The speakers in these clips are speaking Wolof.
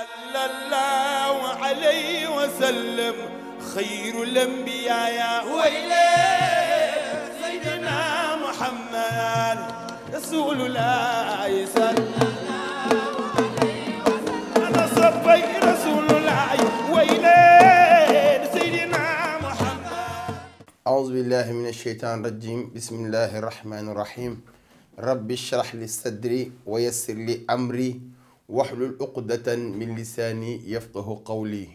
صلى الله عليه وسلم خير الأنبياء وإليه سيدنا محمد رسول الله صلى الله عليه وسلم أنا صبي رسول الله وإليه سيدنا محمد أعوذ بالله من الشيطان الرجيم بسم الله الرحمن الرحيم رب اشرح لي صدري ويسر لي أمري waxlul uqdatan min lisaani yafqahu qawli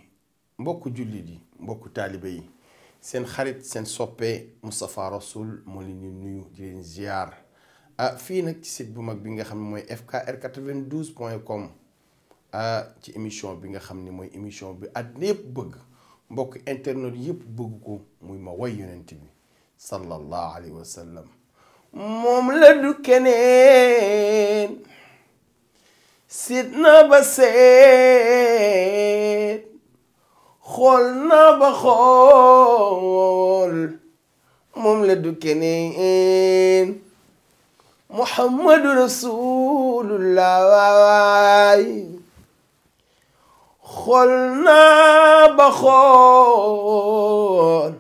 mbokku jullit yi mbokku taalibe yi seen xarit seen soppe Moustapha Rassoul moo leen di nuyu di leen ziar ah, fii nag ci site bu mag bi nga xam ne mooy fkr 92 point com ah ci émission bi nga xam ni mooy émission bi at yëpp bëgg mbokk internet yëpp bëgg ko muy ma way yonent bi sallallahu alayhi wa sallam moom la du keneen sit na ba seet xool na ba xool moom la du keneen muhammadu rasulullah waay xool ba xool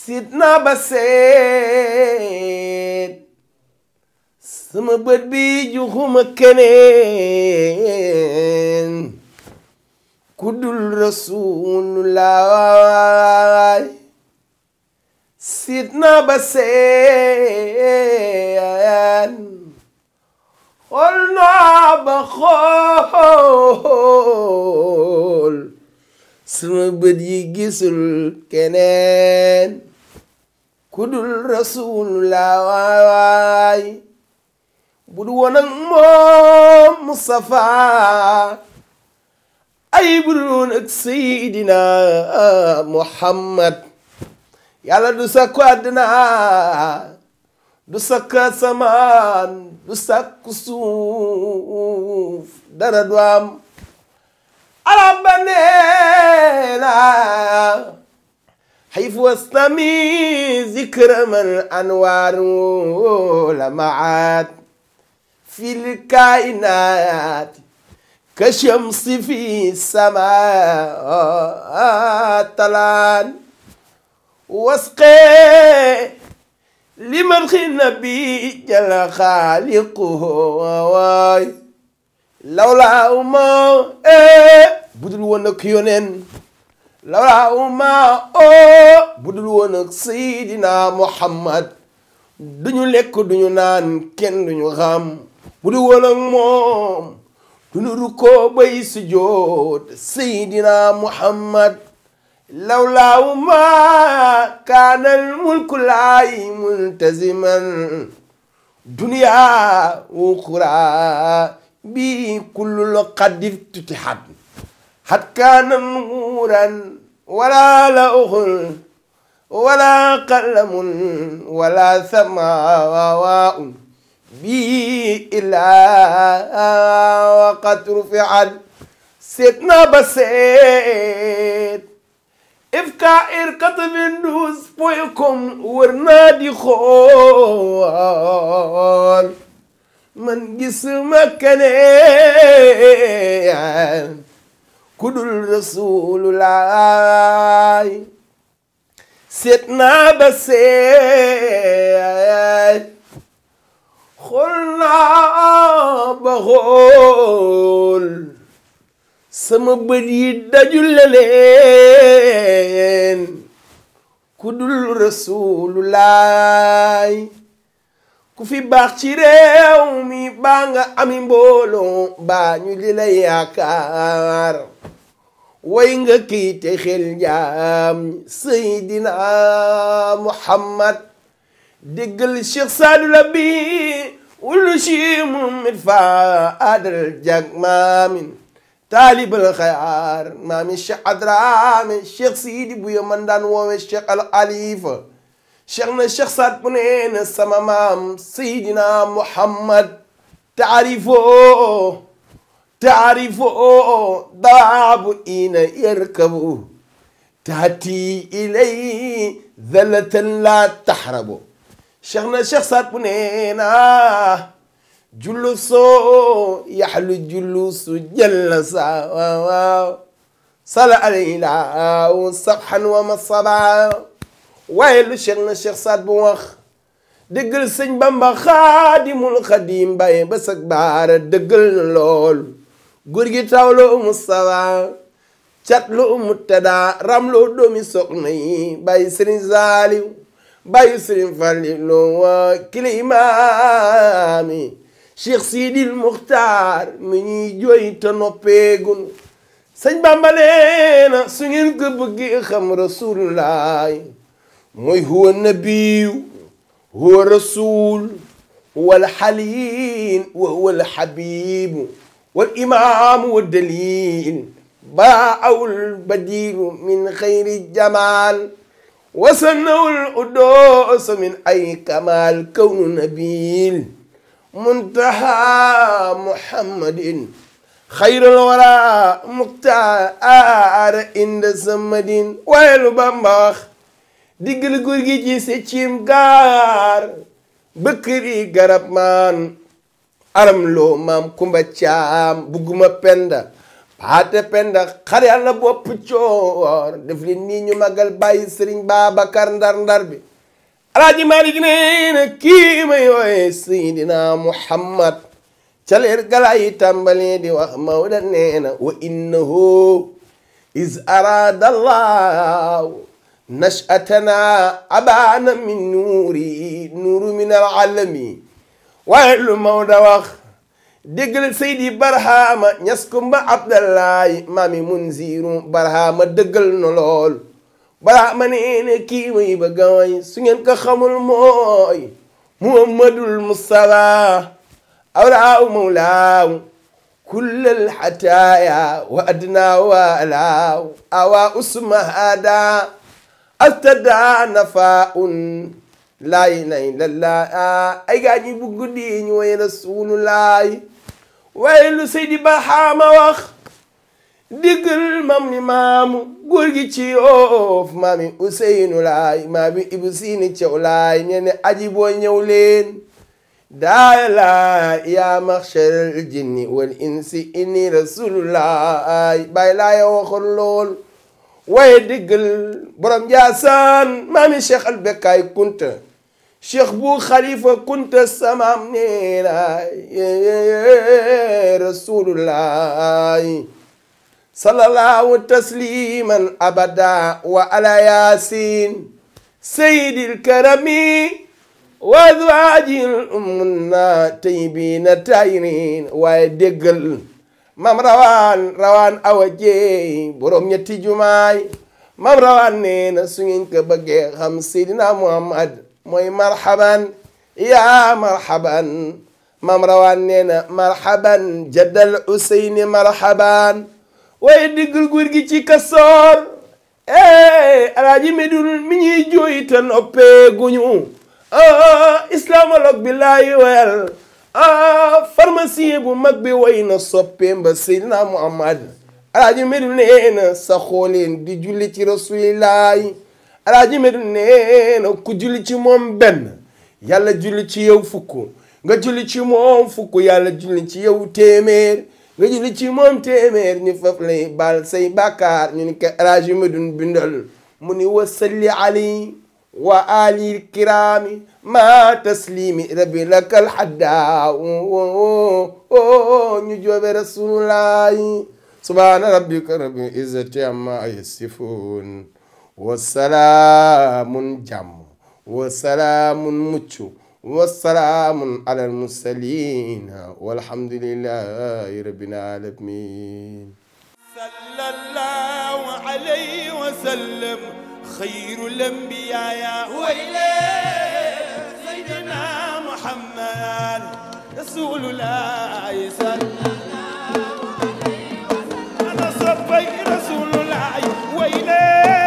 sit ba seet sama bët bi juxuma keneen ku dul rasulullah sit na ba seen xool naa ba xool sama bët yi gisul keneen ku dul rasulullah bu du woon ak moom ay bu du woon ak Seydina Muhammad du sàkku àddina du sàkku asamaan du sàkku suuf dara du am alabanena حيث واستمي ذكر من أنوار لمعات في الكائنات كشمس في السماء طلعان واسقي لمن النبي جل خالقه واي لولا أما budul woon ak yoneen lawla uma o budul woon ak seydina muhammad duñu lekk duñu naan kenn duñu xam bu du woon ak moom dunu rukkoo bay sujjoot seydina muhammad lawlaawu ma kaanal mulku laay multaziman duniya wuxura bi kullu loqadif tutixat xat kaana nuuran wala la uxul wala qalamun wala samawaaun bi illaa waqat rufian seet na ba seet FKR 92 point com wër naa di xool man gisuma keneen ku dul Rasulullaay seet naa ba seet xoolaa ba xool sama bët yi dajule leen ku dul rasulullaay ku fi baax ci réew mi baa nga ami mbooloo baa ñu di la way nga kiite xel jaam Seydina Muhammad déggal Cheikh Sadou Labi wullu shi mummit fa adal jag maamin taalibal xayaar maami cheikh adrame cheikh siidi buya man daan woowe cheikh al xalifa cheikh na cheikh saat bu neena sama maam sayidina muhammad taarifoo taarifoo daabu ina yarkabu taati ilay zalatan la taxrabo cheikh na cheikh saat bu neena jullusoo yaxlu jullusu jallasa waaw waaw sala al ilaahu sabxan wa masaba waaye lu cheikh na cheikh saat bu wax dëggal sëñ bamba xaadimul xadim baye ba sag baara dëggal na lool góor taw loo mustawa cat loo muttada ram loo doomi soxna yi bàyyi sëriñ saaliw bàyyi sëriñ Falilu wa kilimaami Cheikh Sidil Muxtaar mi ñuy jooy te noppeegun sëñ Bàmba leena su ngeen ko bëggee xam rasulullaay mooy huwa nabiyu huwa rasul wal xaliil wa huwa wa daliil baa awul badiilu min xayri jamaal وسنوا الأدوس من أي كمال كون نبيل منتهى محمد خير الورى مختار عند سمدين ويل بامباخ ديغل غورغي جي سيتيم غار بكري غرب مان aram loo maam kumba caam bugguma penda paate penda xar yàlla bopp coor def li nii ñu magal bàyyi sëriñ Babacar ndar-ndar bi alaaji Maalik nee na kii may wooye seydina muhammad ca leer galaa yi di wax mawda nee na wa innahu is araada allah nashatana abaana min nuuri nuuru min al alami waaye mawda wax dégg leen Seydi Barhama ñas kumba Abdallahi maami Munziru Barhama dëggal na lool Barhama nee ne kii muy su ngeen ko xamul mooy Muhammadul Mustafa awlaaw mawlaaw kullal xataaya wa adnaa waalaaw awa usma hada astada nafa un laayi nay la ay gaa ñi guddi ñu woy rasulullahi waaye lu Seydi Baxaama wax diggal mam ni maamu góor gi ci oof maami Useynu laay maami Ibu Siini Cew laay ne ne aji boo ñëw leen daaya laay yaa maxcharal jinni wal insi inni rasulullaay bàyyi laaya waxoon lool waaye diggal borom Njaasaan maami Cheikh cheikh bu xalifa kunta samaam nee na rasulullahi sallallahu tasliman abada wa ala yasin sayyidil karami wa azwaajil umunna tayyibina tahirin waaye déggal mam rawaan rawaan awa jeey borom ñetti jumaay mam rawaan nee na su ngeen ko seydina muhammad mooy marhaban yaa marhaban mam rawaan nee na marhaban jadal useyni marhaban waaye diggul guur ci kasoor eh alaaji medul mi ñuy jooy te noppee guñu ah islamologue wel ah pharmacien bu mag bi way na soppeem ba seydina muhammad alaaji medul nee na sa di julli ci alaaji medu nee na ku julli ci moom benn yàlla julli ci yow fukk nga julli ci moom fukk yàlla julli ci yow téeméer nga julli ci moom téeméer ñu faf lay baal say bàkkaar ñu ni ko alaaji medu bindal mu ni wasalli ali wa ali kiraami ma taslimi rabbi lakal hadda ñu joobe rasulullahi subhaana rabbika rabbil izzati amma yasifun wasalaamun jàmm wasalaamun mucc wasalaamun alal mursaliin walhamdulillahi rabbil aalamiin sallallahu alayhi wa sallam xayrul anbiyaa wa ilayhi sayyidina Muhammad rasulullahi sallallahu ويلي